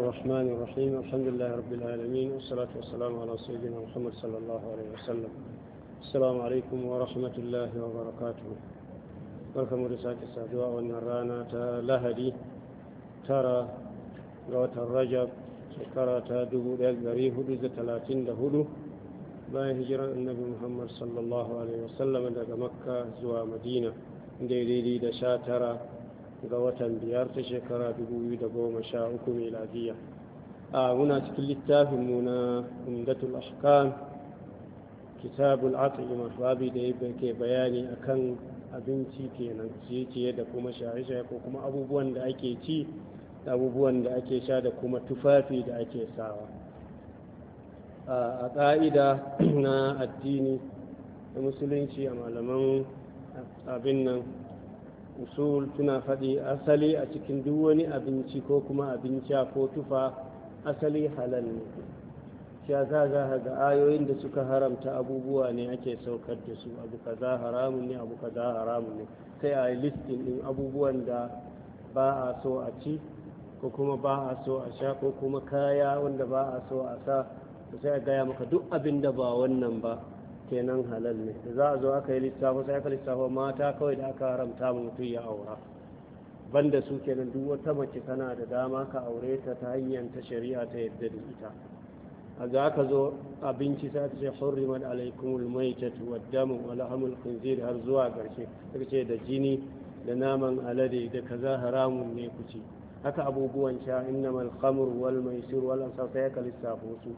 الرحمن الرحيم الحمد لله رب العالمين والصلاة والسلام على سيدنا محمد صلى الله عليه وسلم السلام عليكم ورحمة الله وبركاته barkamu da sake saduwa wannan rana ta lahadi tara ga watan rajab shekara ta hudu. bayan hijirar annabi muhammad sallallahu alaihi wasallam daga makka zuwa madina daidai da sha tara ga watan biyar ta shekara da sha uku 2013 miladiya a muna cikin littafin mu na umdatul ahkam kitabul at'ima babi da ke bayani akan abinci kenan ciye-ciye da kuma shaye-shaye ko kuma abubuwan da ake ci da abubuwan da ake sha da kuma tufafi da ake sawa a ƙa'ida na addini da musulunci a malaman abin nan usul tuna faɗi asali a cikin duk wani abinci ko kuma abinci ko tufa asali halal ne shi ya za ga ayoyin da suka haramta abubuwa ne ake saukar da su abu kaza haramun ne abu kaza haramun ne sai a yi listin din abubuwan da ba a so a ci ko kuma ba a so a sha ko kuma kaya wanda ba a so a sa sai a gaya maka duk abin da ba wannan ba kenan halal ne za a zo aka yi littafi sai aka littafi mata kawai da aka haramta mu mutum ya aura banda su kenan duk wata mace tana da dama ka aure ta ta hanyar ta shari'a ta yadda da ita a ga aka zo abinci sai aka ce hurriman alaikumul maitatu waddamu wa lahamul khinzir har zuwa ƙarshe aka ce da jini da naman alade da kaza haramun ne ku ci haka abubuwan sha innamal khamr wal maisir wal ansar sai aka lissafo su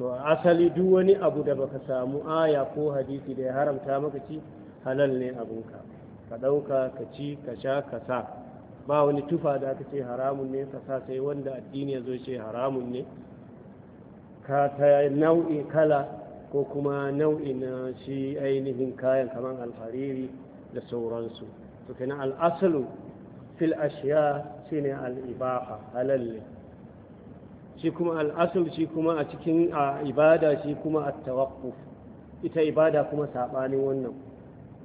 to asali duk wani abu da baka samu aya ko hadisi da ya haramta maka ci halal ne abinka ka ɗauka ka ci ka sha ka sa ba wani tufa da aka ce haramun ne ka sa sai wanda addini ya zo ce haramun ne ka ta nau'i kala ko kuma nau'i na shi ainihin kayan kamar alfariri da sauransu to kenan al'asalu fil ashiya shine al-ibaha halal ne shi kuma al'asul shi kuma a cikin a ibada shi kuma a ita ibada kuma saɓanin wannan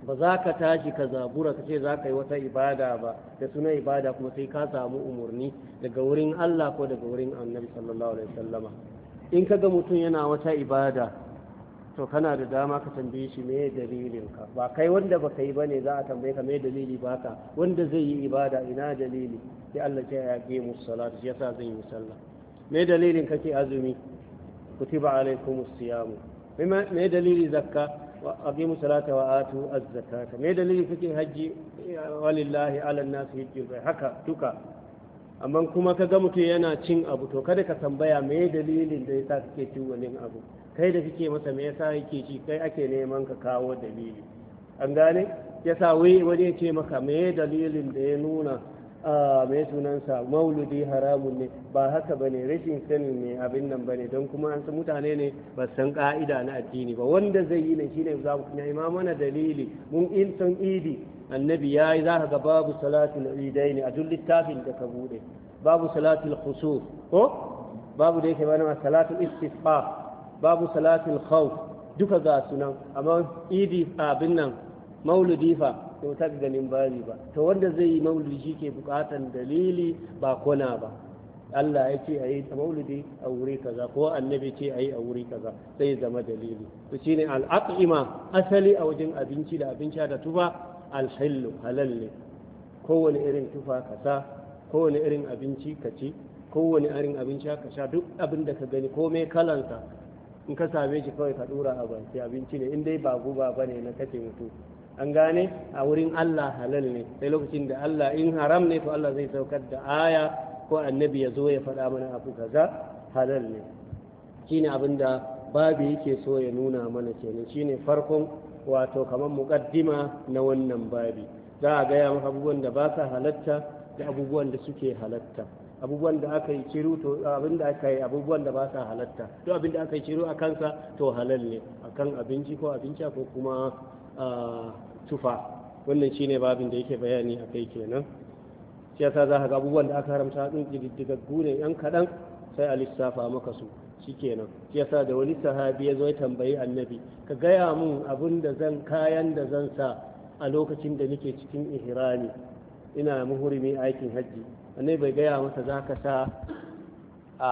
ba za ka tashi ka zabura ka ce za ka yi wata ibada ba da suna ibada kuma sai ka samu umarni daga wurin Allah ko daga wurin annabi sallallahu alaihi wasallama in ka ga mutum yana wata ibada to kana da dama ka tambaye shi me dalilin ka ba kai wanda baka yi bane za a tambaye ka me dalili baka wanda zai yi ibada ina dalili sai Allah ya yage musu salatu yasa zai yi sallah me dalilin kake azumi kutiba alaikum siyam me dalili zakka wa aqimu salata wa atu az-zakata me dalili kake haji walillahi ala an-nas haka duka amma kuma kaga mutum yana cin abu to kada ka tambaya me dalilin da yasa kake cin wani abu kai da kike masa me yasa yake ci kai ake neman ka kawo dalili an gane yasa wai wani ya ce maka me dalilin da ya nuna a mai sunansa mauludi haramun ne ba haka bane rashin sanin ne abin nan bane don kuma an san mutane ne ba san ka'ida na addini ba wanda zai yi ne shine za mu nema mana dalili mun in san idi annabi yayi za ka ga babu salatul idaini a duk littafin da ka bude babu salatul khusuf ko babu da yake ba na salatul istisqa babu salatul khawf duka ga sunan amma idi abin nan mauludi fa kyauta ga bari ba to wanda zai yi maulidi ke bukatan dalili ba kona ba Allah ya ce a yi maulidi a wuri kaza ko annabi ce a yi a wuri kaza sai zama dalili to shine al-aqima asali a wajen abinci da abinci da tuba al halal ne kowane irin tufa ka sa kowane irin abinci ka ci kowane irin abinci ka sha duk abin da ka gani komai kalansa in ka same shi kawai ka dora a abinci ne in dai ba guba bane na kace mutu an gane a wurin Allah halal ne sai lokacin da Allah in haram ne to Allah zai saukar da aya ko annabi ya zo ya faɗa mana abu kaza halal ne Shi ne abin da babu yake so ya nuna mana kenan ne farkon wato kamar muƙaddima na wannan babi za a gaya maka abubuwan da ba sa halatta da abubuwan da suke halatta abubuwan da aka yi ciro to abin da aka yi abubuwan da ba sa halatta to abin da aka yi ciro a kansa to halal ne akan abinci ko abinci ko kuma tufa wannan shine babin da yake bayani a kai kenan shi yasa za ka ga abubuwan da aka haramta din kididdigaggu gune yan kaɗan sai a lissafa maka su shikenan shi yasa da wani sahabi ya zo ya tambayi annabi ka gaya mun abin da zan kayan da zan sa a lokacin da nake cikin ihrami ina muhurimi aikin hajji annabi bai gaya masa za ka sa a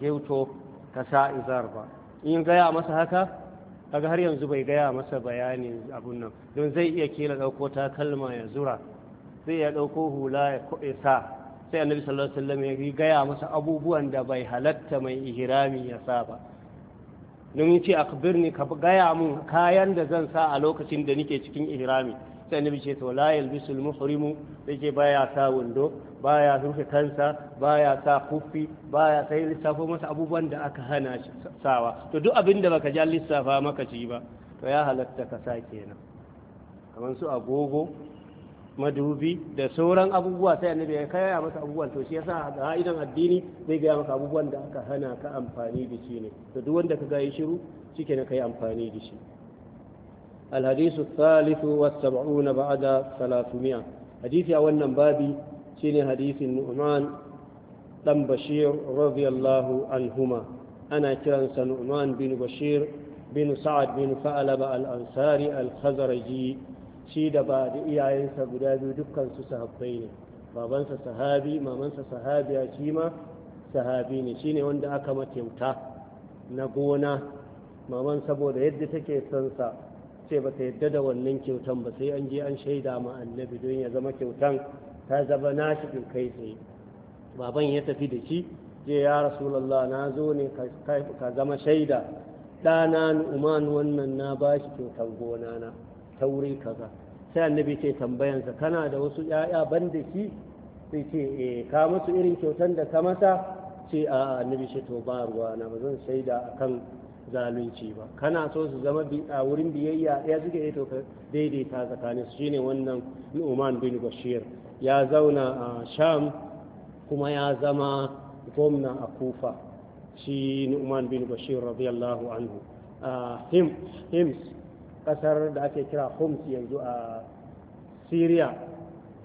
geuto ka sa izar ba in gaya masa haka kaga har yanzu bai gaya masa bayanin abun nan don zai iya kila ɗauko takalma ya zura zai ya ɗauko hula ya sa sai annabi sallallahu alaihi wasallam ya gaya masa abubuwan da bai halatta mai ihrami ya sa ba don yace birni ka gaya mun kayan da zan sa a lokacin da nike cikin ihrami sai annabi ce to la yalbisul muhrimu yake baya sa wando baya rufe kansa baya sa kufi baya sai lissafo masa abubuwan da aka hana sawa to duk abin da baka ja lissafa maka ci ba to ya halatta ka sa kenan kamar su agogo madubi da sauran abubuwa sai annabi ya kaya masa abubuwan to shi yasa ga idan addini zai ga maka abubuwan da aka hana ka amfani da shi ne to duk wanda ka gayi shiru cike ne kai amfani da shi al hadithu thalithu wa sab'un ba'da salatumi'a hadisi a wannan babi shine hadisin nu'man dan bashir radiyallahu anhuma ana kiransa nu'man bin bashir bin sa'ad bin fa'alaba al ansari al khazraji shi da ba da iyayensa guda biyu dukkansu sahabbai ne babansa sahabi mamansa sahabiya shi ma sahabi ne shine wanda aka makyauta na gona maman saboda yadda take son ce ba ta yadda da wannan kyautan ba sai an je an shaida ma annabi don ya zama kyautan ta zama nashi in kai tsaye baban ya tafi da shi je ya rasulallah na zo ne ka zama shaida ɗana nu'uman wannan na ba shi kyautan gona na ta wuri kaza sai annabi ke tambayansa kana da wasu ƴaƴa ban da shi sai ce e ka musu irin kyautan da ka masa ce a annabi ce to ba ruwa na ba zan shaida akan zalunci ba kana so su zama a wurin biyayya ya zuke yi eh, to daidaita tsakanin su shine wannan Nu'man bin Bashir ya zauna a Sham kuma ya zama gwamna a Kufa shi Nu'man bin Bashir radiyallahu anhu a Hims kasar da ake kira homs yanzu a syria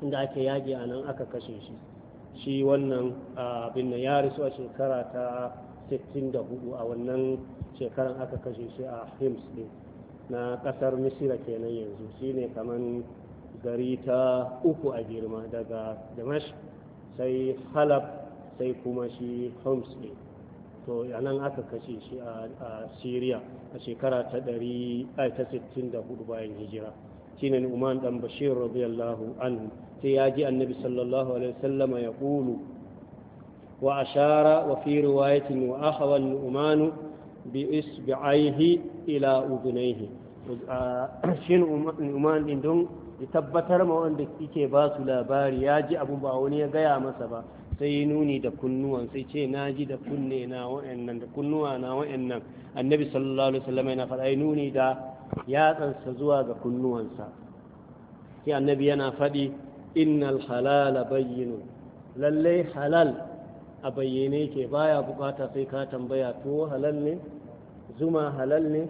inda ake yaƙi a nan aka kashe shi shi wannan abin da ya rasu a shekara ta 64 a wannan shekaran aka kashe shi a hims din na kasar misira kenan yanzu shine kaman gari ta uku a girma daga damash sai halab sai kuma shi homs din to a nan aka kashe shi a syria a shekara ta 164 bayan hijira shine umar dan Bashir radiyallahu anhu sai ya ji annabi sallallahu alaihi wasallam ya kulu wa ashara wa fi riwayatin wa ahawa Nu'man bi isbi'aihi ila udunaihi shin Nu'man din don ya tabbatar ma wanda yake ba su labari ya ji abun ba wani ya gaya masa ba sai yi nuni da kunnuwan sai ce na ji da kunne na wa'annan da kunnuwa na wa'annan annabi sallallahu alaihi wasallam yana faɗa nuni da yatsansa zuwa ga kunnuwansa sai annabi yana faɗi innal halala bayyin lallai halal a bayyane ke baya bukata sai ka tambaya to halal ne zuma halal ne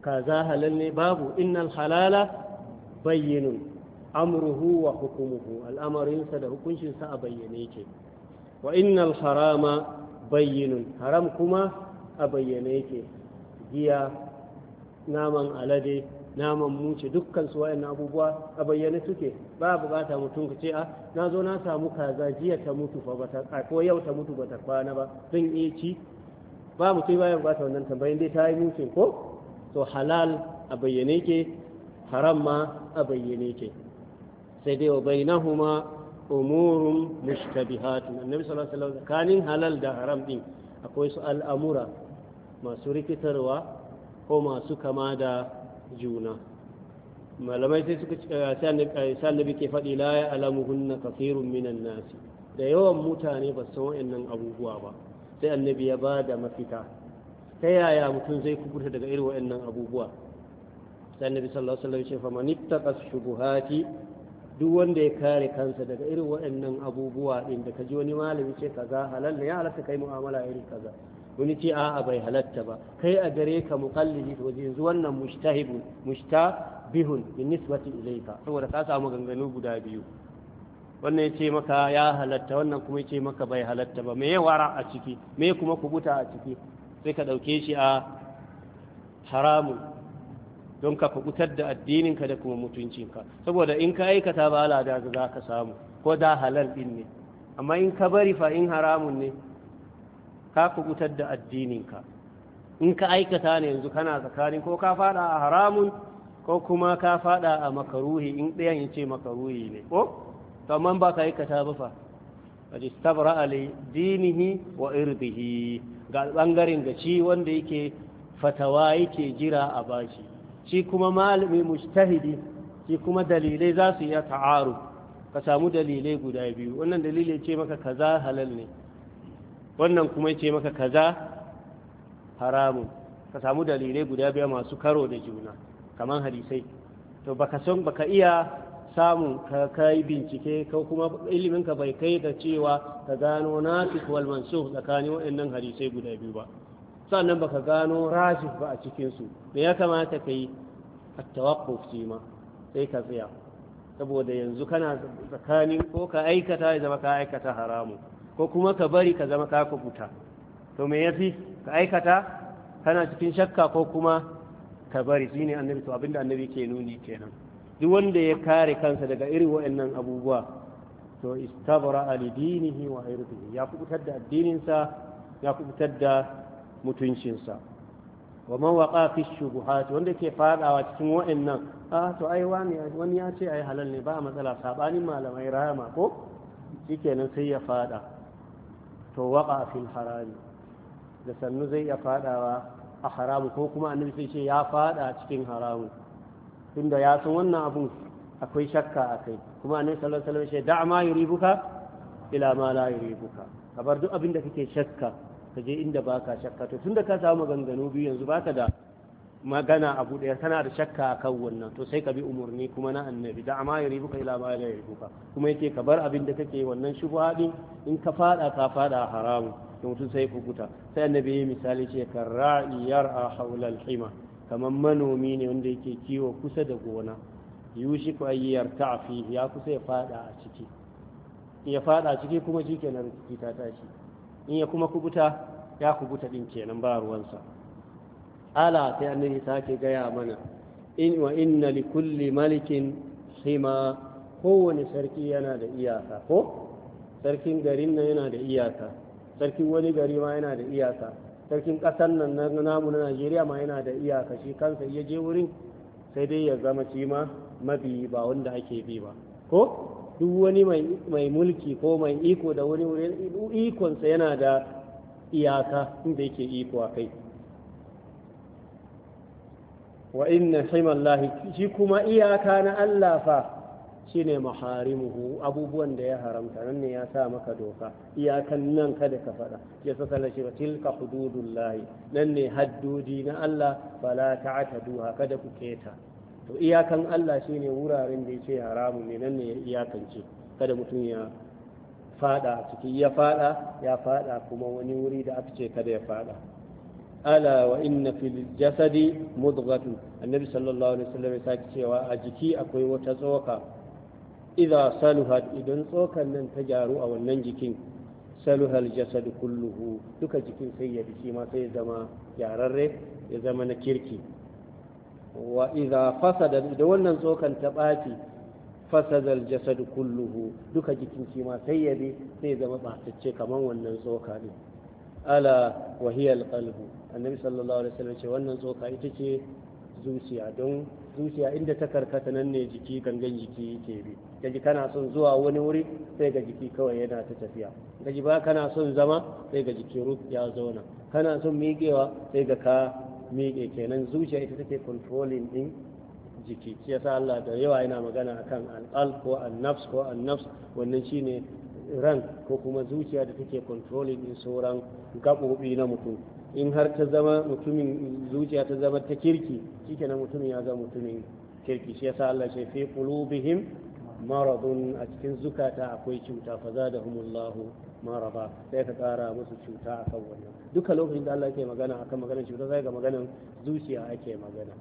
kaza halal ne babu innal halala bayyinun amruhu wa hukumuhu al'amarinsa da hukuncinsa a bayyane yake wa innal harama bayyinun haram kuma a bayyane yake giya naman alade naman muce dukkan su wayan abubuwa a bayyane suke ba bukata mutum ka ce a ah, na zo na samu kaza jiya ta mutu fa bata ko yau ta mutu bata kwana ba zan iya ci ba mutum ba ya bukata wannan tambayin dai ta yi mucin ko to halal a bayyane ke haram ma a bayyane ke sai dai wa bainahuma umurun mushtabihatun sallallahu alaihi wasallam kanin halal da haram din akwai su al'amura masu rikitarwa ko masu kama da juna malamai sai suka eh, sa eh, annabi ke faɗi la ya alamuhunna kafirun minan nasi da yawan mutane ba san wa'annan abubuwa ba sai annabi ya ba da mafita ta yaya mutum zai kubuta daga irin wa'annan abubuwa sai annabi sallallahu alaihi wasallam ya ce fa man ittaqa shubuhati duk wanda ya kare kansa daga irin waɗannan abubuwa ɗin da ka ji wani malami ce ka za halal ya halatta kai mu'amala irin kaza wani ce a'a bai halatta ba kai a gare ka ko to yanzu wannan mushtahibun mushtabihun bin nisbati ilayka saboda ka samu ganganu guda biyu wannan ya ce maka ya halatta wannan kuma ya ce maka bai halatta ba me wara a ciki me kuma kubuta a ciki sai ka ɗauke shi a haramun don ka kubutar da addininka da kuma mutuncinka saboda in ka aikata ba ala da za ka samu ko da halal din ne amma in ka bari fa in haramun ne ka kubutar da addininka in ka aikata ne yanzu kana tsakanin ko ka fada a haramun ko kuma ka fada a makaruhi in ɗayan ya ce makaruhi ne ko to ba ka aikata ba fa ji istabra ali dinihi wa irdihi ga bangaren gaci wanda yake fatawa yake jira a bashi shi kuma malami mujtahidi shi kuma dalilai za su iya ta'aru ka samu dalilai guda biyu wannan dalilai ce maka kaza halal ne wannan kuma ce maka kaza haramu. ka samu dalilai guda biyu masu karo da juna kamar hadisai to baka son baka iya samun ka kai bincike ko kuma iliminka bai kai da cewa ka gano nasu wal mansukh tsakanin waɗannan hadisai guda biyu ba sannan baka gano rajih ba a cikinsu da ya kamata ka yi a tawakkuf shi ma sai ka tsaya saboda yanzu kana tsakanin ko ka aikata ya zama ka aikata haramu ko kuma ka bari ka zama ka kubuta to me ya fi ka aikata kana cikin shakka ko kuma ka bari ne annabi to abinda annabi ke nuni kenan duk wanda ya kare kansa daga irin waɗannan abubuwa to istabra alidinihi wa irdihi ya kubutar da addininsa ya kubutar da mutuncinsa wa man waqa fi shubuhat wanda ke fadawa cikin wa'annan a ah, to ai wani wani ya ce ai halal ne ba matsala sabanin malamai rahama ko shikenan sai ya fada to waqa fi harami da sannu zai ya fadawa a haramu ko kuma annabi sai ce ya fada cikin haramu tunda ya san wannan abun akwai shakka a kai kuma annabi sallallahu alaihi wasallam ya ce da'ama yuribuka ila ma la yuribuka kabar duk abin da kake shakka ka je inda ba ka shakka to tunda ka samu maganganu biyu yanzu baka da magana a ɗaya kana da shakka a kan wannan to sai ka bi umarni kuma na annabi da amma ya ribuka ila ma ya ribuka kuma yake ka bar abin da kake wannan shubha din in ka fada ka fada haramu to mutum sai kukuta sai annabi ya misali ce ka ra'iyar a hawla al-hima kamar manomi ne wanda yake kiwo kusa da gona yushi ku ayyar ta'fi ya kusa ya fada a ciki ya fada a ciki kuma shikenan ta tashi in ya kuma kubuta ya kubuta din kenan ba ruwansa ala sai annabi sake gaya mana in wa inna li kulli malikin hima kowane sarki yana da iyaka ko sarkin garin nan yana da iyaka sarkin wani gari ma yana da iyaka sarkin ƙasar nan na namu na najeriya ma yana da iyaka shi kansa iya je wurin sai dai ya zama shi ma mabi ba wanda ake bi ba ko duk wani mai mulki ko mai iko da wani ikonsa yana da iyaka inda yake iko a kai wa inna himallahi shi kuma iyaka na Allah fa shine maharimuhu abubuwan da ya haramta nan ne ya sa maka doka iyakan nan kada ka faɗa ya saka na cewa tilka hududullahi nan ne haddodi na Allah fala ta'taduha kada ku keta to iyakan Allah shi ne wuraren da yake haramun ne nan ne ya iyakance kada mutum ya fada ciki ya fada ya fada kuma wani wuri da aka ce kada ya fada ala wa inna fil jasadi mudghatu annabi sallallahu alaihi wasallam ya saki cewa a jiki akwai wata tsoka idza saluhat idan tsokan nan ta gyaru a wannan jikin saluhal jasadu kulluhu duka jikin sai ya biki ma sai ya zama yararre ya zama na kirki wa idza fasada da wannan tsokan ta ɓaci fasada aljasad kulluhu duka jikin shi ma sai bi sai zama batacce kaman wannan tsoka ne ala wa hiya alqalbu annabi sallallahu alaihi wasallam ce wannan tsoka ita ce zuciya don zuciya inda ta karkata nan ne jiki gangan jiki yake bi gaji kana son zuwa wani wuri sai ga jiki kawai yana ta tafiya gaji ba kana son zama sai ga jiki ruk ya zauna kana son miƙewa sai ga ka miƙe kenan zuciya ita take controlling din jiki shi yasa Allah da yawa yana magana akan al'al ko an-nafs ko an-nafs wannan shine ran ko kuma zuciya da take controlling din sauran gaɓoɓi na mutum in har ta zama mutumin zuciya ta zama ta kirki shikenan mutumin ya zama mutumin kirki shi yasa Allah ce fi qulubihim maradun a cikin zukata akwai cuta fa zadahumullahu maraba sai ka kara musu cuta akan wannan duka lokacin da Allah ke magana kan maganar cuta zai ga maganar zuciya ake magana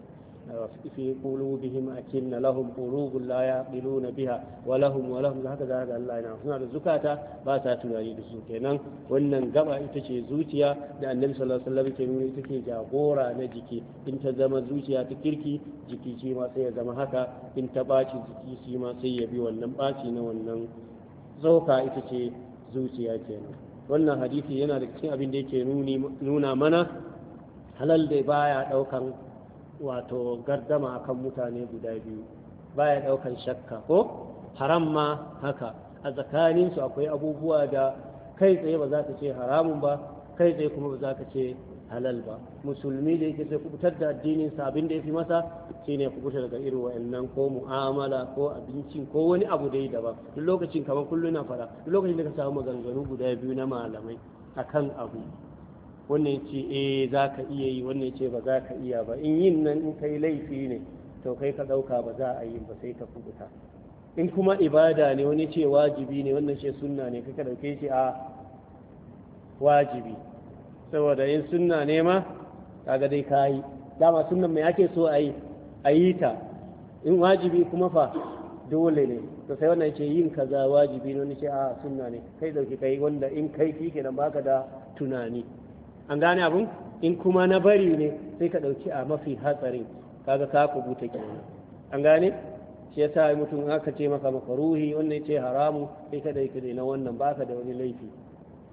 في قلوبهم أكن لهم قلوب لا يعقلون بها ولهم ولهم هكذا هذا Allah ينعم suna da zukata ba sa tunani da su kenan wannan gaba ita ce zuciya da annabi sallallahu alaihi wasallam ke nuna ita jagora na jiki in ta zama zuciya ta kirki jiki shi ma sai ya zama haka in ta baci jiki shi ma sai ya bi wannan baci na wannan zauka ita ce zuciya kenan wannan hadisi yana da cikin abin da yake nuna mana halal da baya daukan wato gardama akan mutane guda biyu baya daukan shakka ko haram ma haka a tsakaninsu akwai abubuwa da kai tsaye ba za ka ce haramun ba kai tsaye kuma ba za ka ce halal ba musulmi da yake sai kubutar da addinin sabin abin da ya fi masa shine kubutar daga irin wa'annan ko mu'amala ko abincin ko wani abu dai daban duk lokacin kamar kullum na fara duk lokacin da ka samu maganganu guda biyu na malamai akan abu wannan ce eh za ka iya yi wannan ce ba za ka iya ba in yin nan in kai laifi ne to kai ka ɗauka ba za a yi ba sai ka kubuta in kuma ibada ne wani ce wajibi ne wannan ce sunna ne kai ka ɗauke shi a wajibi saboda yin sunna nema ma kaga dai ka yi dama sunnan mai ake so a yi ta in wajibi kuma fa dole ne to sai wannan ce yin kaza wajibi ne wani ce a suna ne kai dauki kai wanda in kai ke nan baka da tunani an gane abun in kuma na bari ne sai ka dauki a mafi hatsarin kaga ka buta kenan an gane shi yasa mutum aka ce maka makaruhi wannan ce haramu sai ka dauki na wannan baka da wani laifi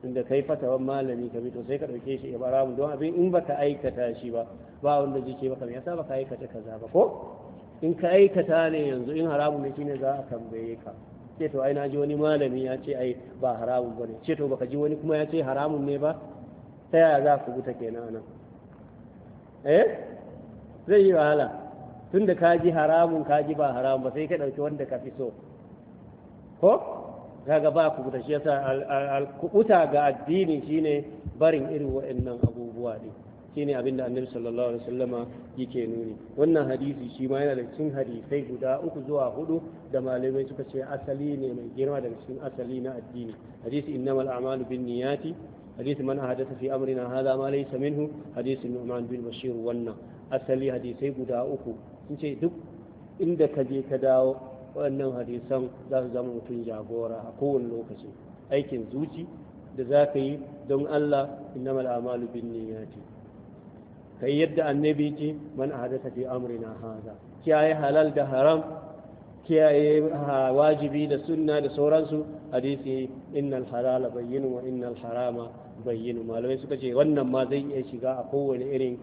tunda kai fatawan malami ka to sai ka ɗauke shi mu don abin in baka aikata shi ba ba wanda jike baka me yasa baka aikata kaza ba ko in ka aikata ne yanzu in haramun ne shine za a tambaye ka ce to ai na ji wani malami ya ce ai ba haramun bane ce to baka ji wani kuma ya ce haramun ne ba ta yaya za ku buta kenan nan eh zai yi wahala tunda ka ji haramun ka ji ba haramun ba sai ka ɗauki wanda ka fi so ko kaga ba ku da shi yasa al ga addini shine barin irin waɗannan abubuwa ne shine abinda annabi sallallahu alaihi wasallama yake nuni wannan hadisi shi ma yana da cikin hadisai guda uku zuwa hudu da malamai suka ce asali ne mai girma daga cikin asali na addini hadisi innamal a'malu binniyati حديث من أحدث في أمرنا هذا ما ليس منه حديث النعمان بن wannan asali أسلي guda uku sun ce duk inda إن دك جي waɗannan hadisan za su zama mutum jagora a kowane lokaci aikin zuci da za ka yi don Allah inna amalu bin Ka kai yadda annabi ce man ahdatha fi amrina haza kiyaye halal da haram kiyaye wajibi da sunna da sauransu hadisi innal halala bayyinu wa innal harama bayyinu malamai suka ce wannan ma zai iya shiga a kowane irin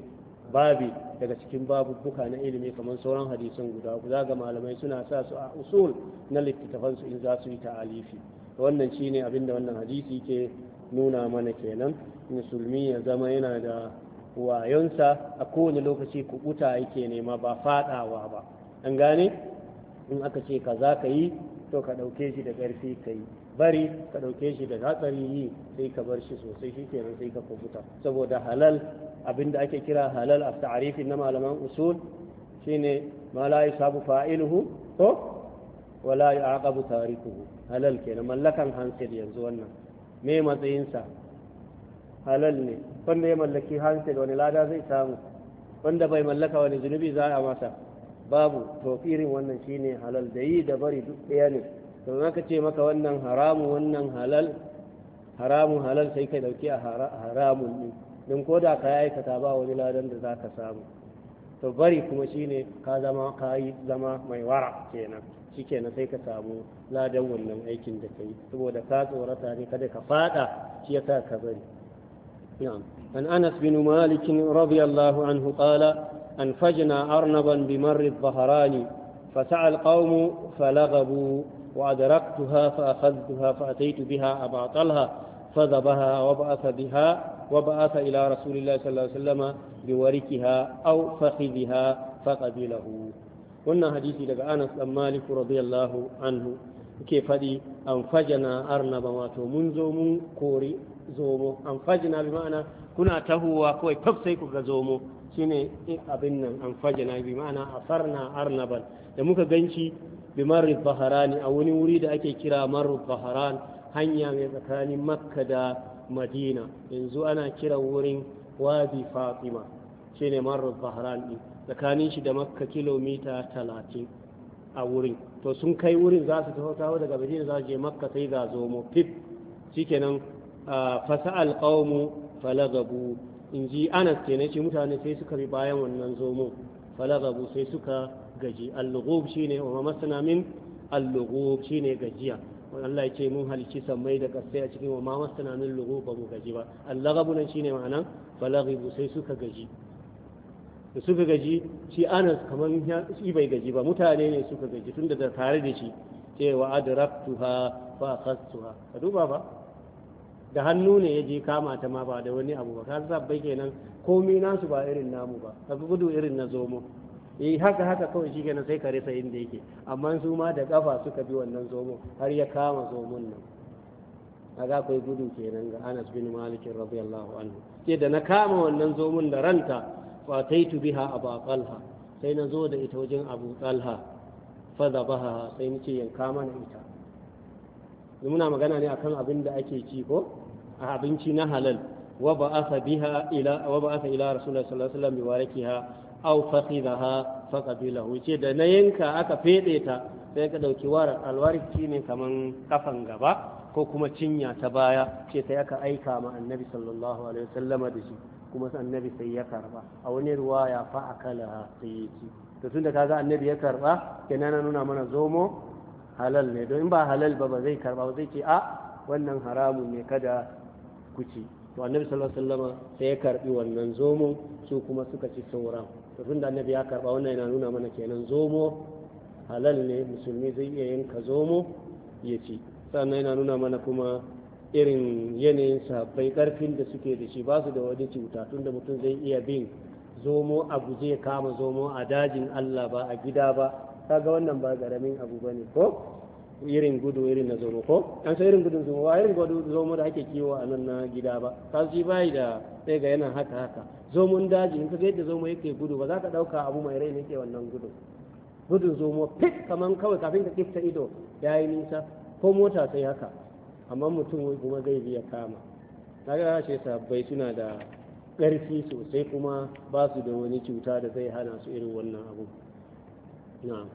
babi daga cikin babubbuka na ilimi kamar sauran hadisan guda za ga malamai suna sa su a usul na littattafansu in za su yi ta'alifi wannan shine abin da wannan hadisi ke nuna mana kenan musulmi ya zama yana da wayonsa a kowane lokaci kubuta yake nema ba fadawa ba an gane in aka ce ka za ka yi to ka ɗauke shi da ƙarfi ka yi bari ka ɗauke shi da hatsari yi sai ka bar shi sosai shi kenan sai ka kubuta saboda halal abinda ake kira halal a ta'arifin na malaman usul shine ma la yusabu fa'iluhu to wala yu'aqabu tarikuhu halal kenan mallakan hansil yanzu wannan me matsayinsa halal ne wanda ya mallaki hansil wani lada zai samu wanda bai mallaka wani zunubi za a masa babu to irin wannan shine halal da yi da bari duk ɗaya ne don aka ce maka wannan haramu wannan halal haramun halal sai ka dauki a haramun ne don ko da ka aikata ba wani ladan da za ka samu to bari kuma shine ka zama ka yi zama mai wara kenan shikenan sai ka samu ladan wannan aikin da ka yi saboda ka tsorata ne kada ka fada shi ka bari an Anas bin malikin radiyallahu anhu qala anfajna arnaban bi marri dhahrani فسعى القوم فلغبوا وأدركتها فأخذتها فأتيت بها أبا طلحة فذبها وبعث بها وبعث إلى رسول الله صلى الله عليه وسلم بوركها أو فخذها فقبله قلنا حديثي لك أنس بن مالك رضي الله عنه ke faɗi an fajana arnaba wato mun zo mun kori zomo an fajana bi ma'ana kuna tahowa kawai faf sai ku zomo shine abin nan an fajana bi ma'ana da muka ganci bi marri baharani a wani wuri da ake kira marri baharan hanya mai tsakanin makka da madina yanzu ana kiran wurin wadi fatima shine marri baharan din tsakanin shi da makka kilomita talatin a wurin to sun kai wurin za su tafi daga madina za su je makka sai ga zomo fit shikenan fasa alƙawmu falagabu in ji anas ke ce mutane sai suka bi bayan wannan zomo falagabu sai suka gaji al-lughub shine wa masana min al-lughub shine gajiya Allah ya ce mun halici sammai da kasai a cikin wa ma masana min lughub ba mu gaji ba al-laghabu nan shine ma'ana balaghibu sai suka gaji da suka gaji shi anas kamar shi bai gaji ba mutane ne suka gaji tunda da tare da shi ce wa adraktuha fa akhadtuha ka duba ba da hannu ne ya je kama ta ma ba da wani abu ba ka bai kenan komai nasu ba irin namu ba ka gudu irin na zomo eh haka haka kawai shi kenan sai ka rasa inda yake amma su ma da kafa suka bi wannan zomo har ya kama zomon nan ga akwai gudu kenan ga Anas bin Malik radiyallahu anhu ce da na kama wannan zomon da ranta fataitu biha aba talha sai na zo da ita wajen Abu Talha fa zabaha sai nace yanka mana ita muna magana ne akan abin da ake ci ko a abinci na halal wa ba'atha biha ila wa ba'atha ila rasulullahi sallallahu alaihi wasallam bi warakiha aw faqidaha faqabilahu ce da na yanka aka feɗe ta sai ka dauki warar alwarik ne kaman kafan gaba ko kuma cinya ta baya ce sai aka aika ma annabi sallallahu alaihi wasallama da shi kuma annabi sai ya karba a wani ruwaya fa akalaha sai ya ci to kaga annabi ya karba kenan na nuna mana zomo halal ne don ba halal ba ba zai karba ba zai ce a ah, wannan haramun ne kada ku ci to annabi sallallahu alaihi wasallama sai ya karbi wannan zomo su kuma suka ci sauran to da annabi ya karba wannan yana nuna mana kenan zomo halal ne musulmi zai iya yanka zomo ya ci sannan yana nuna mana kuma irin yanayin sabbai karfin da suke da shi ba su da wani cuta tun da mutum zai iya bin zomo a guje kama zomo a dajin Allah ba a gida ba kaga wannan ba garamin abu ba ne ko irin gudu irin na zomo ko an sai irin gudun zomo ba irin gudu zomo da ake kiwo a nan na gida ba kasu shi bai da sai ga yana haka haka zomon daji in ka ga yadda zomo yake gudu ba za ka ɗauka abu mai rai ne ke wannan gudu gudun zomo fit kaman kawai kafin ka kifta ido ya yi nisa ko mota sai haka amma mutum kuma zai biya kama na ga shi sabbai suna da ƙarfi sosai kuma ba su da wani cuta da zai hana su irin wannan abu na'am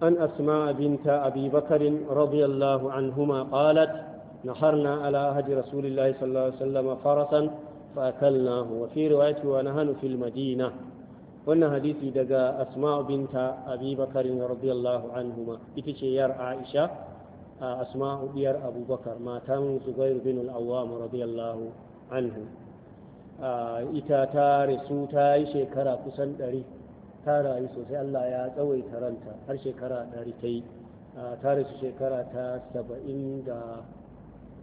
an asma binta abi bakarin radiyallahu anhuma qalat نحرنا على أهد رسول الله صلى الله عليه وسلم فرسا فأكلناه وفي رواية ونهن في المدينة wannan hadisi daga asma'u binta abi bakarin radiyallahu ma ita ce yar aisha asma'u diyar abubakar matan zubair bin al-awwam radiyallahu anhu ita ta rasu ta yi shekara kusan ɗari ta rayu sosai allah ya tsawaita ranta har shekara ɗari ta yi ta rasu shekara ta saba'in da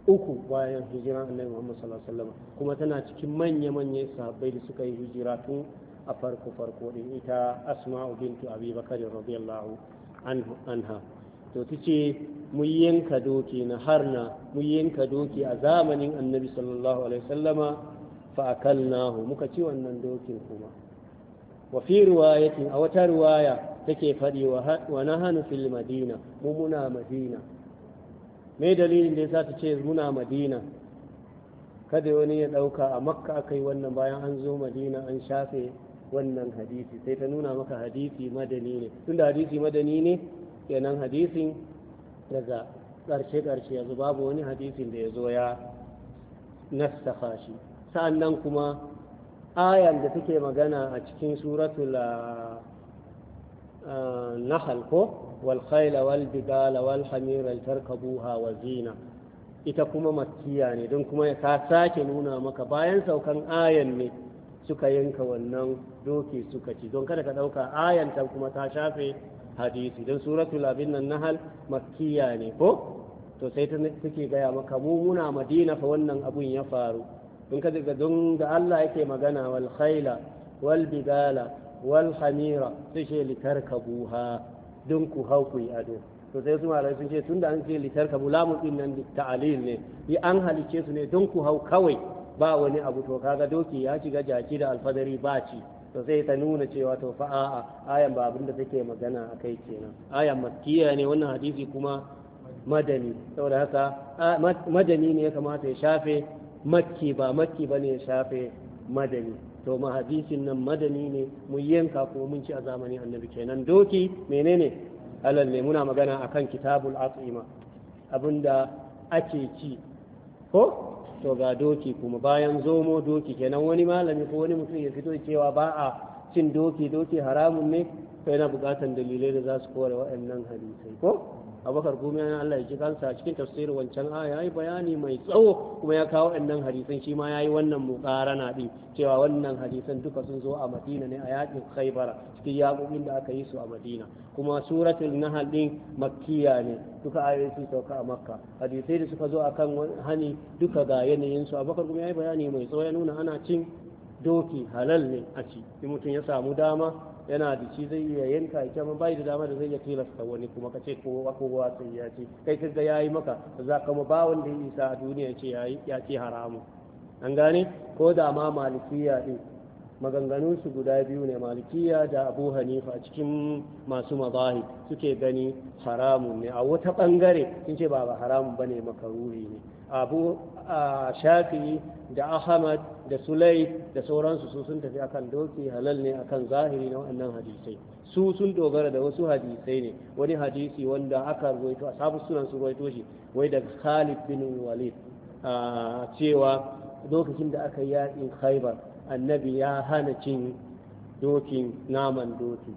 uku bayan hijira annabi Muhammad sallallahu alaihi wasallam kuma tana cikin manya-manyan sahabbai da suka yi hijira tun a farko farko din ita Asma'u bintu Abi Bakar radiyallahu anha to tace mu yanka doki na harna mu yanka doki a zamanin annabi sallallahu alaihi wasallama fa akalnahu muka ci wannan dokin kuma wa fi riwayatin a wata riwaya take fadi wa nahanu fil madina mu muna madina me dalilin da yasa ta ce muna madina kada wani ya ɗauka a makka aka yi wannan bayan an zo madina an shafe wannan hadisi sai ta nuna maka hadisi madani ne da hadisi madani ne kenan hadisin daga ƙarshe-ƙarshe yanzu babu wani hadisin da ya zo ya nassafa shi sa'annan kuma ayan da take magana a cikin suratul ah, ah, nahal ko والخيل والبقال والحمير لتركبوها وزينة ita kuma makkiya ne don kuma ka sake nuna maka bayan saukan ayan ne suka yanka wannan doki suka ci don kada ka ɗauka ayan ta kuma ta shafe hadisi don suratul abin nan nahal makkiya ne ko to sai ta gaya maka mu muna madina fa wannan abun ya faru don ka daga don da Allah yake magana wal khaila wal bigala wal hamira sai litarkabuha don ku hau ku yi ado to sai su malamai sun ce da an ce litar ka bulamu din nan ta'alil ne yi an halice su ne don ku hau kawai ba wani abu to kaga doki ya shiga jaki da alfadari ba ci to sai ta nuna cewa to fa a'a ayan ba abin da take magana a kai kenan ayan makkiya ne wannan hadisi kuma madani saboda haka madani ne ya kamata ya shafe makki ba makki bane ya shafe madani to ma nan madani ne mun yanka ko mun ci a zamanin annabi kenan doki menene alal ne muna magana akan kitabul asima abinda ake ci ko to ga doki kuma bayan zomo doki kenan wani malami ko wani mutum ya fito cewa ba a cin doki doki haramun ne sai na bukatan dalilai da za su kore waɗannan hadisai ko abakar gumi yana Allah ya ji kansa cikin tafsirin wancan aya yayi bayani mai tsawo kuma ya kawo wannan hadisan shi ma yi wannan muqarana din cewa wannan hadisan duka sun zo a Madina ne a yakin Khaybar cikin yakokin da aka yi su a Madina kuma suratul Nahl din makkiya ne duka ayoyi sun sauka a Makka hadisai da suka zo a kan hani duka ga yanayin su abubakar gumi yayi bayani mai tsawo ya nuna ana cin doki halal ne a ci in mutum ya samu dama yana da shi zai iya yanka ya kama bai da dama da zai iya tilasta wani kuma ka ce kowa kowa sai ya ce kai ka ga yi maka za ka ma ba wanda ya isa a duniya ce ya ce haramu an gane ko da ma malikiya din maganganun su guda biyu ne malikiya da abu hanifa cikin masu mazahi suke gani haramun ne a wata ɓangare sun ce ba ba haramun ne makaruri ne abu a shafi da ahmad da sulai da sauransu su sun tafi akan doki halal ne akan zahiri na wannan hadisai su sun dogara da wasu hadisai ne wani hadisi wanda aka ruwaito a sabu sunan su ruwaito shi wai da khalid bin walid a cewa lokacin da aka yi yaƙin khaibar annabi ya hana cin dokin naman doki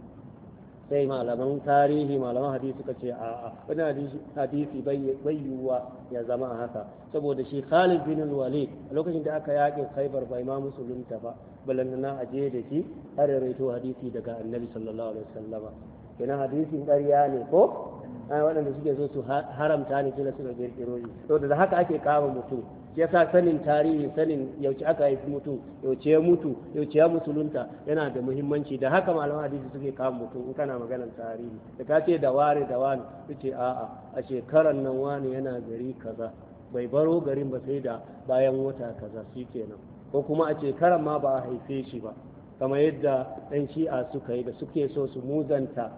sai malaman tarihi malaman hadisi suka ce a'a wani hadisi bai yiwuwa ya zama a haka saboda shi Khalid bin Walid a lokacin da aka yakin Khaibar bai ma musulunta ba balantana na je da shi har rawaito hadisi daga Annabi sallallahu alaihi wasallama kenan hadisin ƙarya ne ko waɗanda suke so su haramta ne kila suka kirkiro shi to da haka ake kama mutum ya sa sanin tarihi sanin yauce aka haifi mutum yauce ya mutu yauce ya musulunta yana da muhimmanci da haka malaman hadisi suke kama mutum in kana maganar tarihi da ka ce da ware da wani Su ce a'a a shekarar nan wani yana gari kaza bai baro garin ba sai da bayan wata kaza shi kenan ko kuma a shekarar ma ba a haife shi ba kamar yadda ɗan shi'a suka yi da suke so su muzanta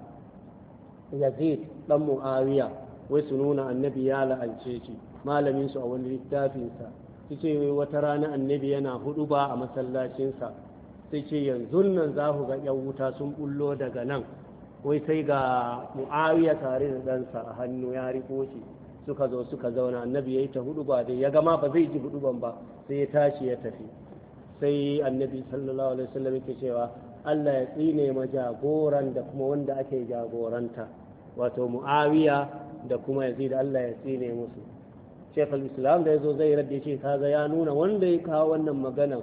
yazid ɗan mu'awiya wai su nuna annabi ya la'ance shi malamin su a wani littafinsa su ce wata rana annabi yana hudu ba a masallacinsa sai ce yanzu nan za ku ga yan wuta sun bullo daga nan wai sai ga mu'awiya tare da ɗansa a hannu ya riko shi suka zo suka zauna annabi ya yi ta hudu ba dai ya gama ba zai ji hudu ban ba sai ya tashi ya tafi sai annabi sallallahu alaihi wasallam yake cewa Allah ya tsine ma jagoran da kuma wanda ake jagoranta wato mu'awiya da kuma yazid Allah ya tsine musu shekul islam da ya zo zai radda ce ga ya nuna wanda ya kawo wannan magana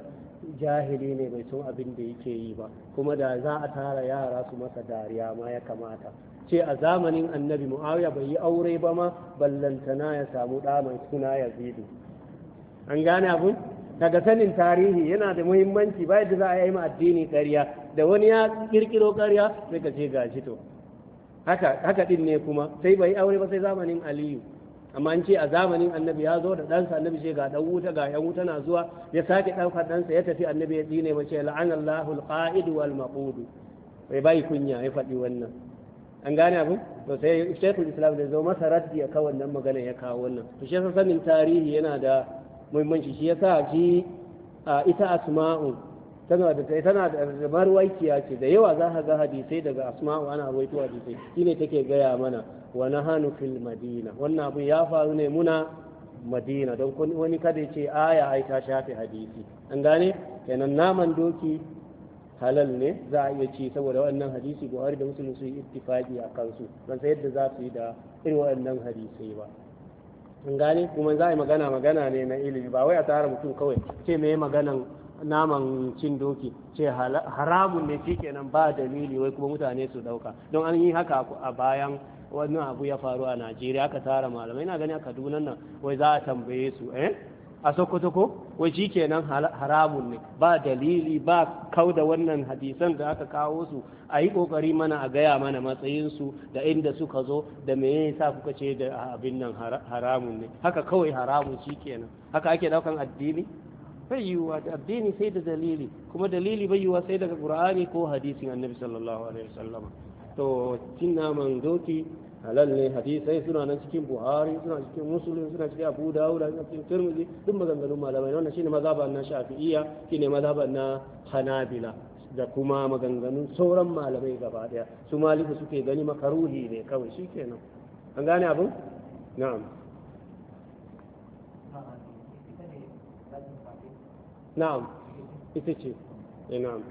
jahili ne bai san abin da yake yi ba kuma da za a tara yara su masa dariya ma ya kamata ce a zamanin annabi muawiya bai yi aure ba ma ballantana ya samu ɗa mai suna yazidu an gane abun daga sanin tarihi yana da muhimmanci ba da za a yi ma addini ƙarya da wani ya kirkiro ƙarya sai ka ce gashi to haka haka ne kuma sai bai aure ba sai zamanin aliyu amma an ce a zamanin annabi ya zo da ɗansa annabi ce ga ɗan wuta ga ƴan wuta na zuwa ya sake ɗaukar ɗansa ya tafi annabi ya tsine mace la'anallahu alqa'id wal maqud bai bai kunya ya faɗi wannan an gane abu to sai shaykhul islam da zo masa raddi ya kawo wannan magana ya kawo wannan to shi sanin tarihi yana da muhimmanci shi yasa a ita asma'u tana da tana da ce da yawa za ka ga hadisai daga asma'u ana rawaito hadisai shine take gaya mana wa nahanu fil madina wannan abu ya faru ne muna madina don wani kada ce aya ai ta shafe hadisi an gane kenan naman doki halal ne za a iya ci saboda wannan hadisi buhari da musulun su yi ittifaqi a kansu ban sai yadda za su yi da irin waɗannan hadisai ba an gane kuma za a yi magana magana ne na ilimi ba wai a tara mutum kawai ce me maganan naman cin doki ce haramun ne kenan ba dalili wai kuma mutane su dauka don an yi haka a bayan wani abu ya faru a najeriya aka tara malamai na gani a kaduna nan wai za a tambaye su eh a sokoto ko wai shikenan haramun ne ba dalili ba kau da wannan hadisan da aka kawo su a yi kokari mana a gaya mana matsayinsu da inda suka zo da me yasa kuka ce da abin nan haramun ne haka kawai haramun shikenan haka ake daukan addini bayyuwa yiwuwa da addini sai da dalili kuma dalili bayyuwa sai daga qur'ani ko hadisin annabi sallallahu alaihi wasallam to cinna man doki halal ne hadisai suna nan cikin buhari suna cikin muslim suna cikin abu dawud suna cikin tirmidhi duk maganganun malamai wannan shine mazhaban na shafi'iyya shine mazhaban na hanabila da kuma maganganun sauran malamai gaba daya su malifu suke gani makaruhi ne kawai shikenan an gane abun na'am na'am ita ce na'am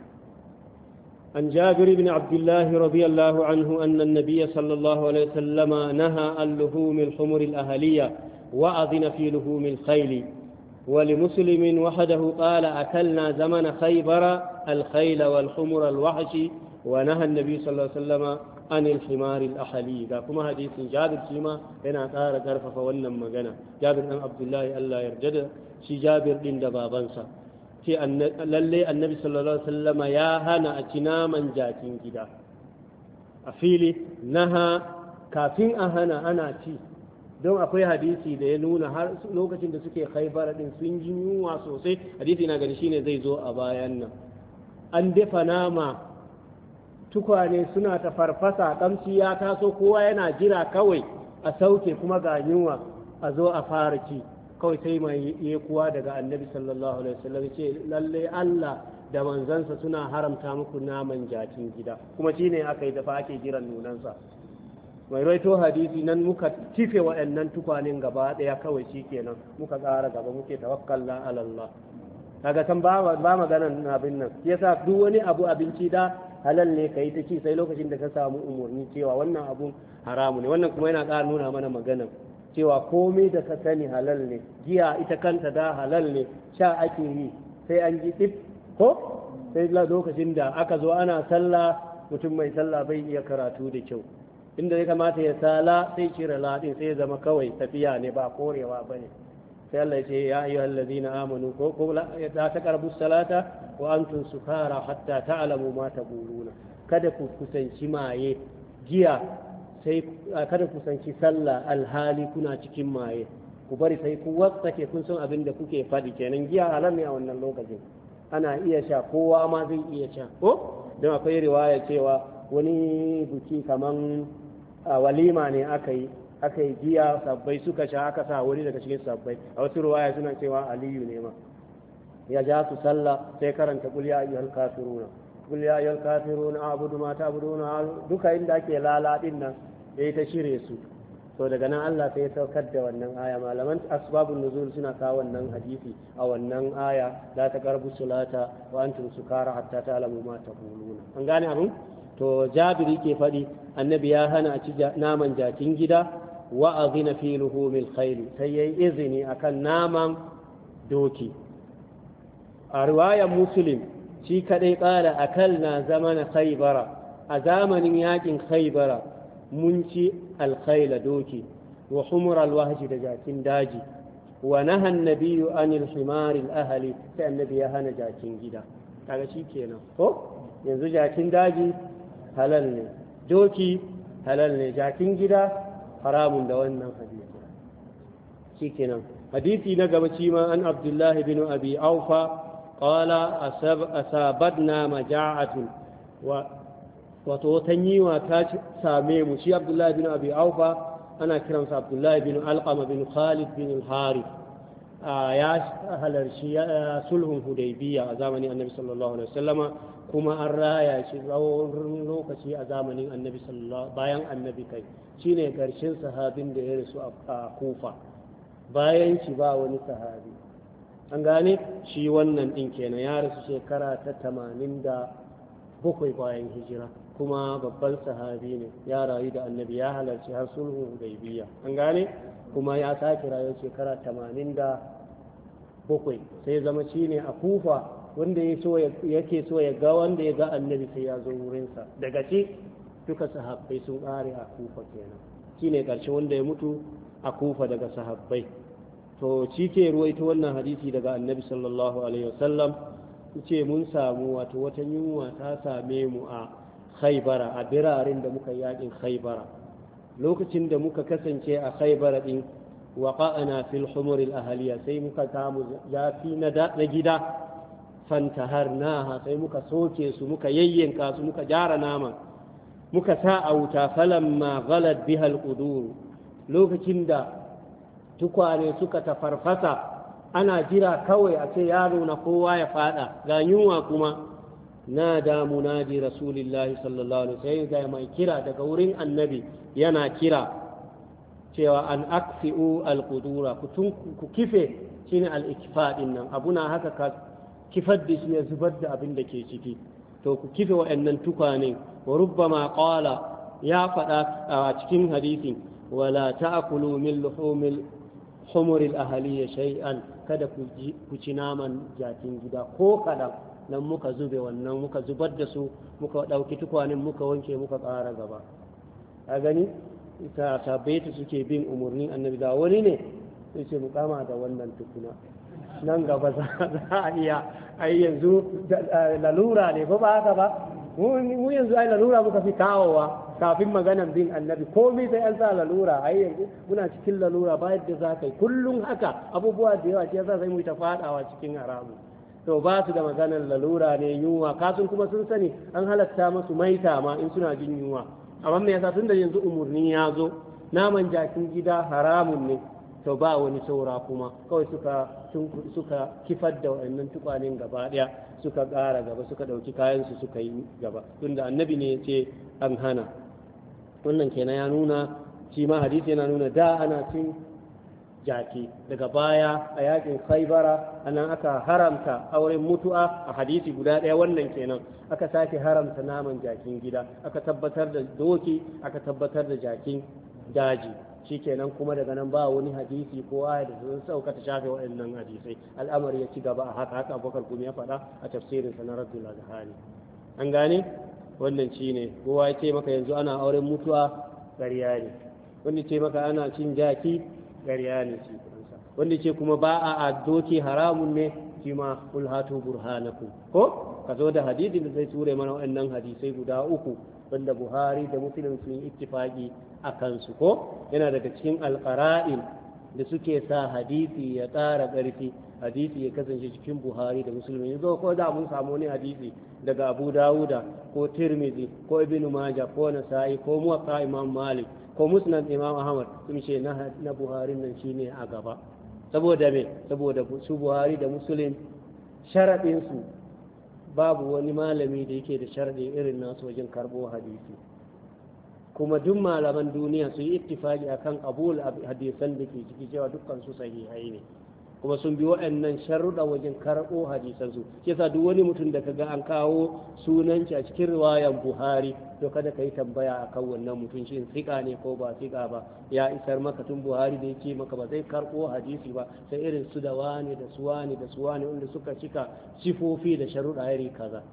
عن جابر بن عبد الله رضي الله عنه أن النبي صلى الله عليه وسلم نهى عن لحوم الحمر الأهلية وأذن في لحوم الخيل ولمسلم وحده قال أكلنا زمن خيبر الخيل والحمر الوحش ونهى النبي صلى الله عليه وسلم عن الحمار الأحلي كما حديث جابر شيما هنا قال كرفة ولما جنا جابر بن عبد الله ألا يرجد شي جابر بن دبابنسا ce lalle annabi sallallahu alaihi wasallama ya hana a ci naman jakin gida a fili naha kafin a hana ana ci don akwai hadisi da ya nuna har lokacin da suke haifar din sun ji yunwa sosai hadisi na gani shine zai zo a bayan nan an dafa nama tukwane suna ta farfasa kamci ya taso kowa yana jira kawai a sauke kuma ga yunwa a zo a fara ci kawai sai mai yi kuwa daga annabi sallallahu alaihi wasallam ce lalle Allah da manzansa suna haramta muku naman jakin gida kuma shi ne aka yi dafa ake jiran nunansa mai raito hadisi nan muka tife waɗannan tukwanin gaba ɗaya kawai shi kenan muka ƙara gaba muke tawakkalla alallah Allah kaga ba maganan abin nan yasa duk wani abu abinci da halal ne ka yi ta ci sai lokacin da ka samu umarni cewa wannan abun haramu ne wannan kuma yana ƙara nuna mana maganan cewa komai da ka sani halal ne giya ita kanta da halal ne sha ake yi sai an ji ɗif ko sai lokacin da aka zo ana sallah mutum mai sallah bai iya karatu da kyau inda ya kamata ya sala sai cire laɗin sai ya zama kawai tafiya ne ba korewa ba ne sai Allah ya ce ya ayyuha allazina amanu ko ko ta taqrabu salata wa antum sukara hatta ta'lamu ma taquluna kada ku kusanci maye giya sai kada ku sanci sallah alhali kuna cikin maye ku bari sai ku wasake kun san abin da kuke faɗi kenan giya halal ne a wannan lokacin ana iya sha kowa ma zai iya sha ko don akwai riwaya cewa wani buki kaman walima ne aka yi aka yi giya sabbai suka sha aka sa wani daga cikin sabbai a wasu riwaya suna cewa aliyu ne ma ya ja su sallah sai karanta kulya ayyuhal kafiruna kulya ayyuhal kafiruna a'budu ma ta'buduna duka inda ake laladin nan sai ta shirye su to daga nan Allah sai ya saukar da wannan aya malaman asbabun nuzul suna kawo wannan hadisi a wannan aya la qarbu salata wa antum sukara hatta ta'lamu ma taquluna an gane abin to jabiri ke faɗi annabi ya hana a ci naman jakin gida wa azina fi luhumil khayl sai yayi izini akan naman doki a riwaya muslim shi kadai kala akal na zamana khaybara a zamanin yakin khaybara mun ci alkhaila doki wa humur alwahji da jakin daji wa nahan nabiyyu anil himaril ahli sai annabi ya hana jakin gida kaga shikenan ko yanzu jakin daji halal ne doki halal ne jakin gida haramun da wannan hadisi shi kenan hadisi na gaba shi ma an abdullahi bin abi aufa qala asabadna maja'atun wa wato wata yiwa ta same mu shi abdullahi bin abi aufa ana kiransa abdullahi bin alqama bin khalid bin harith ya halarci sulhun hudaybiya a zamanin annabi sallallahu alaihi wasallama kuma an raya shi tsawon lokaci a zamanin annabi sallallahu bayan annabi kai shine ƙarshen sahabin da ya rasu a kufa bayan shi ba wani sahabi an gane shi wannan din kenan ya rasu shekara ta 87 bayan hijira kuma babban sahabi ne ya rayu da annabi ya halarci har sulhu gaibiya an gane kuma ya sake rayu shekara tamanin da bakwai sai zama shi ne a kufa wanda yake so ya ga wanda ya ga annabi sai ya zo wurinsa daga shi duka sahabbai sun ƙare a kufa kenan shi ne ƙarshe wanda ya mutu a kufa daga sahabbai to ci ke ruwaito wannan hadisi daga annabi sallallahu alaihi wasallam ce mun samu wato wata yunwa ta same mu a khaybara a birarin da muka yaƙin khaybara lokacin da muka kasance a khaybara din waqa'ana fil humur al sai muka kamu zafi na gida gida fantaharnaha sai muka soke su muka yayyanka su muka jara nama muka sa a wuta falamma ghalat biha al lokacin da tukwane suka tafarfasa ana jira kawai a ce yaro na kowa ya fada ga yunwa kuma nada munadi rasulillahi sallallahu alaihi wasallam sai mai kira daga wurin annabi yana kira cewa an aksi'u alqudura ku kife shine al-ikfa nan abuna haka ka kifar da shi ya zubar da abin da ke ciki to ku kife wa'annan tukwane wa rubbama qala ya faɗa a cikin hadisin wala ta'kulu min luhumil humuril ahliya shay'an kada ku ci naman jakin gida ko kadan nan muka zube wannan muka zubar da su muka ɗauki tukwanin muka wanke muka ƙara gaba a gani ita sabaita suke bin umarni. annabi da wani ne sai ce mu kama da wannan tukuna nan gaba za a iya ai yanzu lalura ne ko ba haka ba mu yanzu ai lalura muka fi kawowa kafin maganan bin annabi komai sai an sa lalura ai yanzu muna cikin lalura ba yadda za ka yi kullum haka abubuwa da yawa ce yasa sai mu ta fadawa cikin haramu to ba su da maganar lalura ne yunwa kasun kuma sun sani an halatta masu maita ma in suna jin yunwa amma me yasa tun da yanzu umurni ya zo naman jakin gida haramun ne to ba wani saura kuma kawai suka suka kifar da wannan tukwanen gaba daya suka ƙara gaba suka ɗauki kayan suka yi gaba tunda annabi ne ce an hana wannan kenan ya nuna shi ma hadisi yana nuna da ana cin jaki daga baya a yakin khaibara anan aka haramta auren mutu'a a hadisi guda ɗaya wannan kenan aka sake haramta naman jakin gida aka tabbatar da doki aka tabbatar da jakin daji shikenan kuma daga nan ba wani hadisi ko aya da sun sauka ta shafe waɗannan hadisai al'amari ya ci gaba a haka haka abubakar kuma ya faɗa a tafsirin sa na rabbul azhari an gane wannan shine kowa ya ce maka yanzu ana auren mutuwa ƙarya ne wani ce maka ana cin jaki ƙarya ne wanda ce kuma ba a doki haramun ne shi ma ulhatu burhanaku ko ka zo da hadisi da zai ture mana waɗannan hadisai guda uku wanda buhari da musulun sun yi a kansu ko yana daga cikin alqara'in da suke sa hadisi ya ƙara ƙarfi hadisi ya kasance cikin buhari da musulmi yanzu ko da mun samu wani hadisi daga abu dawuda ko tirmizi ko ibn maja ko nasa'i ko muwatta imam malik ko musnad imam ahmad sun ce na buhari nan shi ne a gaba saboda me saboda su buhari da musulun sharaɗinsu babu wani malami da yake da sharaɗi irin nasu wajen karɓo hadisi kuma duk malaman duniya su yi ittifaki akan abul hadisan da ke ciki cewa dukkan su sahihai ne kuma sun bi waɗannan sharuɗa wajen karɓo hadisansu shi yasa duk wani mutum da ka ga an kawo sunan a cikin riwayan Buhari to kada ka yi tambaya a kan wannan mutum shi siƙa ne ko ba siƙa ba ya isar maka tun Buhari da yake maka ba zai karɓo hadisi ba sai irin su da wani da suwani da suwani wanda suka cika sifofi da sharuɗa iri kaza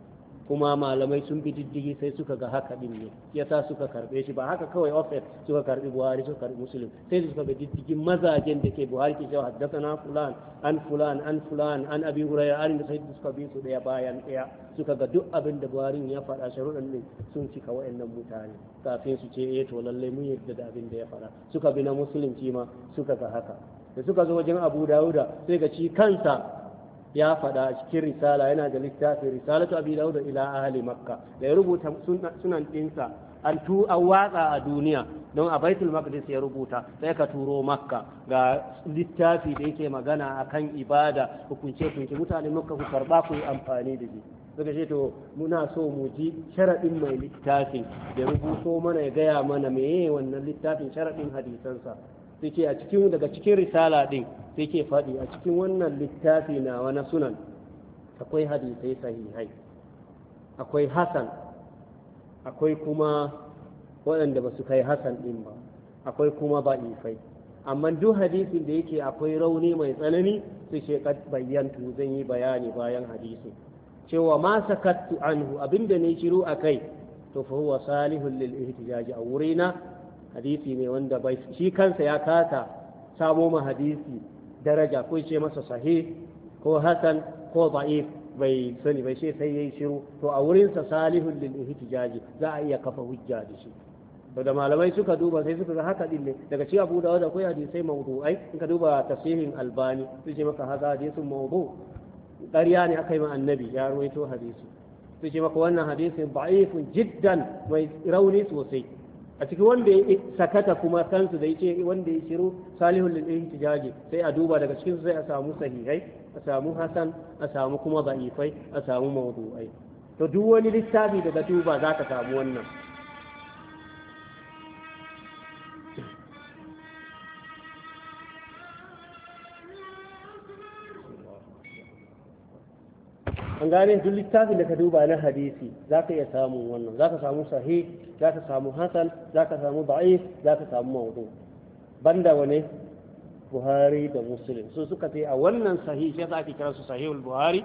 kuma malamai sun bi diddigi sai suka ga haka din ne sa suka karbe shi ba haka kawai offset suka karbi buhari suka karbi muslim sai suka ga diddigin mazajen da ke buhari ke cewa na fulan an fulan an fulan an abi hurayra an da sai suka bi su daya bayan daya suka ga duk abin da buhari ya faɗa sharuɗan ne sun cika wayannan mutane kafin su ce eh to lallai mun yadda da abin da ya faɗa suka bi na musulunci ma suka ga haka da suka zo wajen abu dawuda sai ga shi kansa ya faɗa a cikin risala yana da littafin risalatu abi dauda ila ahli makka da ya rubuta sunan ɗinsa an tu an watsa a duniya don a baitul maqdis ya rubuta sai ka turo makka ga littafi da yake magana akan ibada hukunce hukunce mutane makka ku karba ku yi amfani da shi suka ce to muna so mu ji sharaɗin mai littafin da rubuto mana ya gaya mana meye wannan littafin sharaɗin hadisansa sai ke a cikin daga cikin risala din sai ke faɗi a cikin wannan littafi na wani sunan akwai hadisai sahihai akwai hasan akwai kuma waɗanda ba su kai hasan ɗin ba akwai kuma ba ba'ifai amma duk hadisin da yake akwai rauni mai tsanani sai ce bayyantu zan yi bayani bayan hadisin cewa ma sakattu anhu abinda ne shiru akai to fa huwa salihul lil ihtijaji a wurina hadisi ne wanda bai shi kansa ya kasa samo ma hadisi daraja ko ce masa sahih ko hasan ko da'if bai sani bai ce sai yayi shiru to a wurinsa Salihu lil ihtijaji za a iya kafa hujja da shi to da malamai suka duba sai suka ga haka din ne daga shi abu da wanda akwai hadisai mawdu'ai in ka duba tafsirin albani sai ce maka haza hadisin mawdu ƙarya ne aka yi ma annabi ya ruwaito hadisi sai ce maka wannan hadisin da'ifun jiddan mai rauni sosai a cikin wanda ya sakata kuma kansu da yace wanda ya shiru salihun lil ihtijaji sai a duba daga cikin sai a samu sahihai a samu hasan a samu kuma da'ifai a samu mawdu'ai to duk wani littafi daga duba zaka samu wannan an gane duk littafin da ka duba na hadisi za ka iya samun wannan za ka samu sahi za ka samu hasan za ka samu da'if za ka samu mawdu banda wani buhari da muslim su suka ce a wannan sahi shi yasa ake kira su sahihul buhari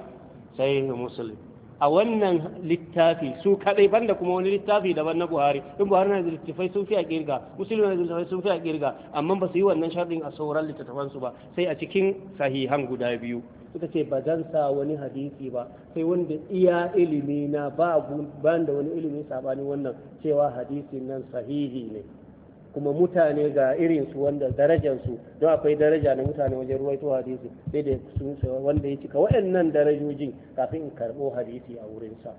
sahihul muslim a wannan littafi su kadai banda kuma wani littafi daban na buhari in buhari na littafai sun fi a kirga musulmi na littafai sun fi a kirga amma ba su yi wannan sharɗin a sauran littattafansu ba sai a cikin sahihan guda biyu suka ce ba zan sa wani hadisi ba sai wanda iya ilimi na ba da wani ilimi sabani wannan cewa hadisi nan sahihi ne kuma mutane ga irin su wanda darajar don akwai daraja na mutane wajen ruwaito hadisi sai da su wanda ya cika waɗannan darajojin kafin in karɓo hadisi a wurinsa. sa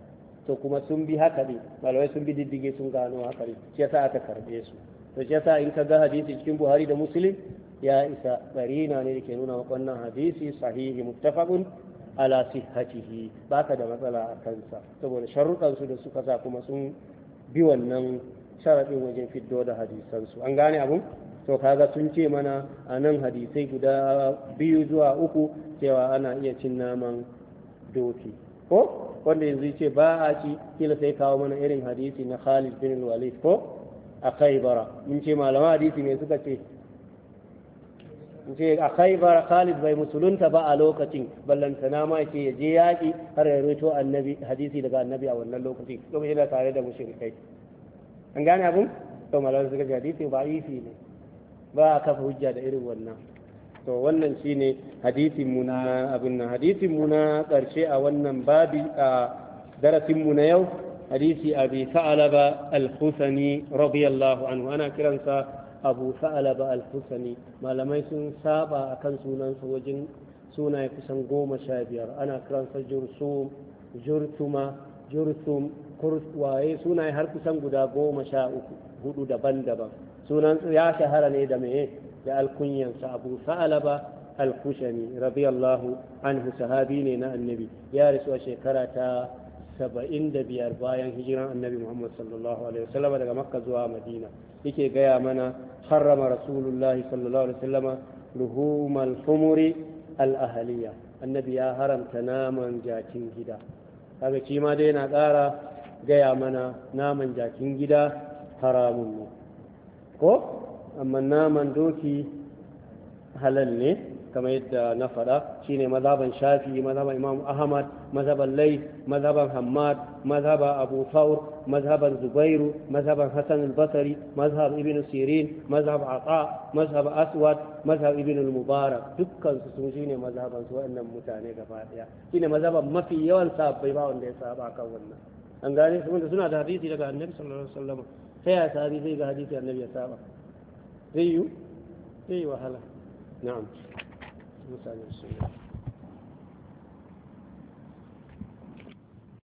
to kuma sun bi haka ne malamai sun bi diddige sun gano haka ne shi yasa aka karɓe su to shi yasa in ka ga hadisi cikin Buhari da Muslim ya isa ƙarina ne da ke nuna wannan hadisi sahihi muttafaqun ala sihhatihi baka da matsala a kansa saboda su da suka sa kuma sun bi wannan sharaɗin wajen fiddo da hadisansu an gane abun to kaga sun ce mana a nan hadisai guda biyu zuwa uku cewa ana iya cin naman doki ko wanda yanzu ce ba a ci kila sai kawo mana irin hadisi na Khalid bin Walid ko a bara mun ce malama hadisi ne suka ce ce a khalid bai musulunta ba a lokacin ballantana ma ce ya je yaƙi har ya rito annabi hadisi daga annabi a wannan lokacin kuma yana tare da mushrikai an gane abun to malar suka ce hadisi ba isi ne ba a kafa hujja da irin wannan to wannan shine hadisin mu na abin nan hadisin mu na karshe a wannan babi a darasin mu na yau hadisi abi sa'alaba al-khusani radiyallahu anhu ana kiransa abu sa'alaba al-husani malamai sun saba akan sunansa wajen sunaye kusan goma sha biyar ana kiransa jursum jurtuma jurtum waye sunaye har kusan guda goma sha hudu daban-daban sunan ya shahara ne da mai da alkunyansa abu sa'alaba al-kushani radiyallahu anhu sahabi ne na annabi ya rasu a shekara ta saba'in da biyar bayan hijiran annabi muhammad sallallahu alaihi wasallam daga makka zuwa madina yake gaya mana harrama rasulullahi sallallahu alaihi wasallama ruhumal humuri al-ahliya annabi ya haramta naman jakin gida kaga shi ma dai yana ƙara gaya mana naman jakin gida haramun ne ko amma naman doki halal ne Kama yadda na faɗa shine mazhaban shafi mazhaban imam ahmad mazhaban lay mazhaban hammad mazhaban abu faur mazhaban zubairu mazhaban hasan al-basri mazhab ibn sirin mazhab aqa mazhab aswad mazhab ibn al-mubarak dukkan su sun shine mazhaban su wannan mutane gaba daya shine mazhaban mafi yawan sahabbai ba wanda ya saba kan wannan an gane su wanda suna da hadisi daga annabi sallallahu alaihi wasallam sai ya sabi zai ga hadisi annabi ya saba zai yi zai yi wahala na'am 是不是有食